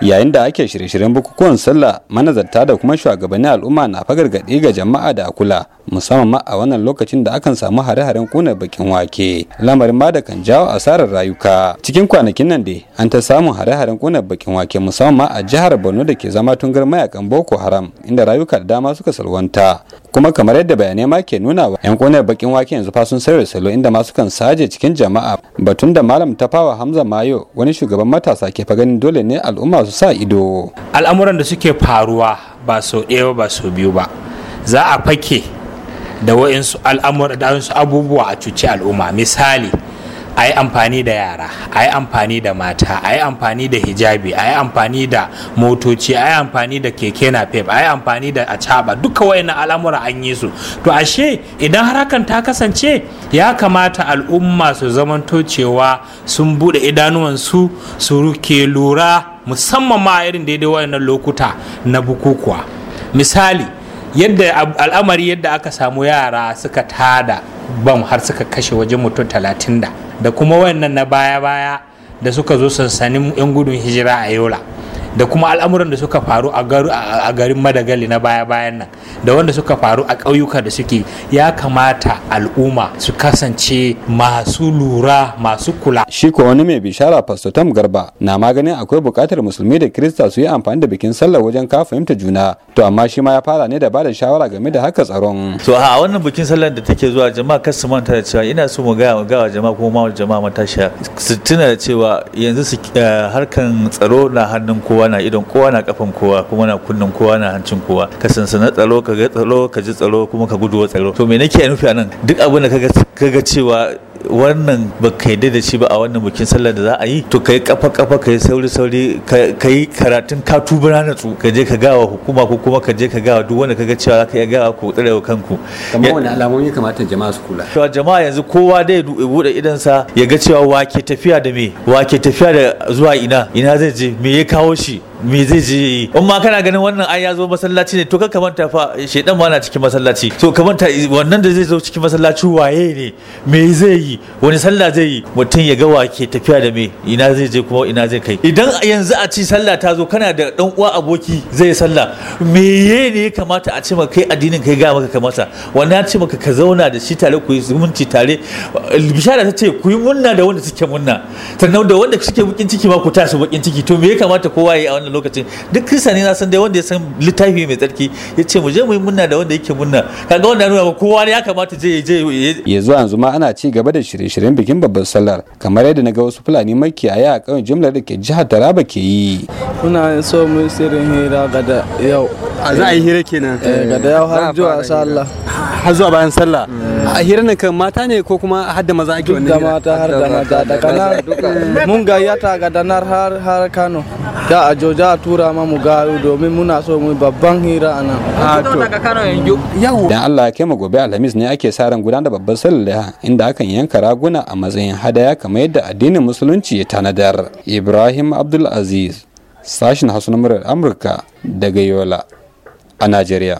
yayin da ake shirye-shiryen bukukuwan sallah manazarta da kuma shugabannin al'umma na fagargaɗe ga jama'a da kula musamman ma a wannan lokacin da akan samu hare-haren kuna bakin wake lamarin ma da kan jawo asarar rayuka cikin kwanakin nan dai an ta samu hare-haren kuna bakin wake musamman ma a jihar borno da ke zama tungar mayakan boko haram inda rayuka da dama suka salwanta kuma kamar yadda bayanai ma ke nuna wa yan konar bakin wake yanzu fa sun sayar salo inda masu kan saje cikin jama'a batun da malam ta tafawa hamza mayo wani shugaban matasa ke fa ganin dole ne al'umma su sa ido al'amuran da suke faruwa ba sau ɗaya ba sau biyu ba za a fake da wa'insu al'amuran da abubuwa a cuci al'umma misali a yi amfani da yara a yi amfani da mata a yi amfani da hijabi a yi amfani da motoci a yi amfani da keke na napep a yi amfani da acaba duka wayan al'amura an yi su to ashe idan har hakan ta kasance ya kamata al'umma su zamanto cewa sun bude idanuwansu su ruke lura musamman ma irin daidai wayan lokuta na bukukuwa misali yadda al'amari yadda aka samu yara suka tada bam har suka kashe wajen mutum talatin da da kuma wayannan na baya-baya da suka zo sansanin 'yan gudun hijira a yola da kuma al'amuran da suka faru a garin madagali na baya-bayan nan da wanda suka faru a ƙauyuka da suke ya kamata al'umma su kasance masu lura masu kula shi ko wani mai bishara pastor tam garba na maganin akwai buƙatar musulmi da kirista su yi amfani da bikin sallah wajen ka fahimta juna to amma shi ma ya fara ne da bada shawara game da haka tsaron to a wannan bikin sallar da take zuwa jama'a kar su manta da cewa ina so mu ga ga jama'a kuma ma jama'a matashiya su tuna da cewa yanzu eh, harkan tsaro na hannun kowa kowa na idon kowa na kafan kowa kuma na kunnen kowa na hancin kowa ka sansana tsaro ka ga tsaro ka ji tsaro kuma ka gudu tsaro to me nake nufi a nan duk abin da ga cewa wannan ba ka yi da shi ba a wannan bikin sallar da za a yi to ka yi kafa kafa ka yi sauri sauri ka yi karatun ka tubura na tsu ka je ka gawa hukuma ko kuma ka je ka gawa duk wanda ka ga cewa za ka iya gawa ko tsare wa kanku kamar wani alamomi kamata jama'a su kula to jama'a yanzu kowa dai ya bude idan sa ya ga cewa wake tafiya da me wake tafiya da zuwa ina ina zai je me ya kawo shi me zai je in ma kana ganin wannan ai ya zo masallaci ne to ka manta fa shedan ma na cikin masallaci to ka manta wannan da zai zo cikin masallaci waye ne me zai yi wani sallah zai yi mutum ya ga wake tafiya da me ina zai je kuma ina zai kai idan yanzu a ci sallah ta zo kana da dan uwa aboki zai sallah Me ye ne ya kamata a ce maka kai addinin kai ga maka kamata wannan ce maka ka zauna da shi tare ku yi zumunci tare bishara ta ce ku yi munna da wanda suke munna sannan da wanda suke bakin ciki ma ku tashi bakin ciki to me ya kamata kowa ya yi a wannan lokacin duk kristani na san dai wanda ya san littafi mai tsarki ya ce mu je mu yi munna da wanda yake munna kaga wanda nuna kowa ne ya kamata je je ya zuwa yanzu ma ana ci gaba da shirye-shiryen bikin babban sallar kamar yadda na ga wasu fulani makiyaya a ƙauyen jimlar da ke jihar taraba ke yi muna so mu sirri hira gada yau a za a yi hira kenan eh, Gada yau har zuwa sallah har zuwa bayan sallah eh. a hira nan kan mata ne ko kuma har da maza ake wannan da mata har da mata da kana mun gayyata ga danar har har Kano da a joja a tura ma mu gayu domin muna so mu babban hira a nan a to Kano yanzu yau dan Allah ya kai mu gobe Alhamis ne ake sa ran gudanar da babban sallah inda akan yanka raguna a matsayin hadaya kamar yadda addinin musulunci ya tanadar Ibrahim abdulaziz Aziz sashin Hausa murar Amurka daga Yola a Najeriya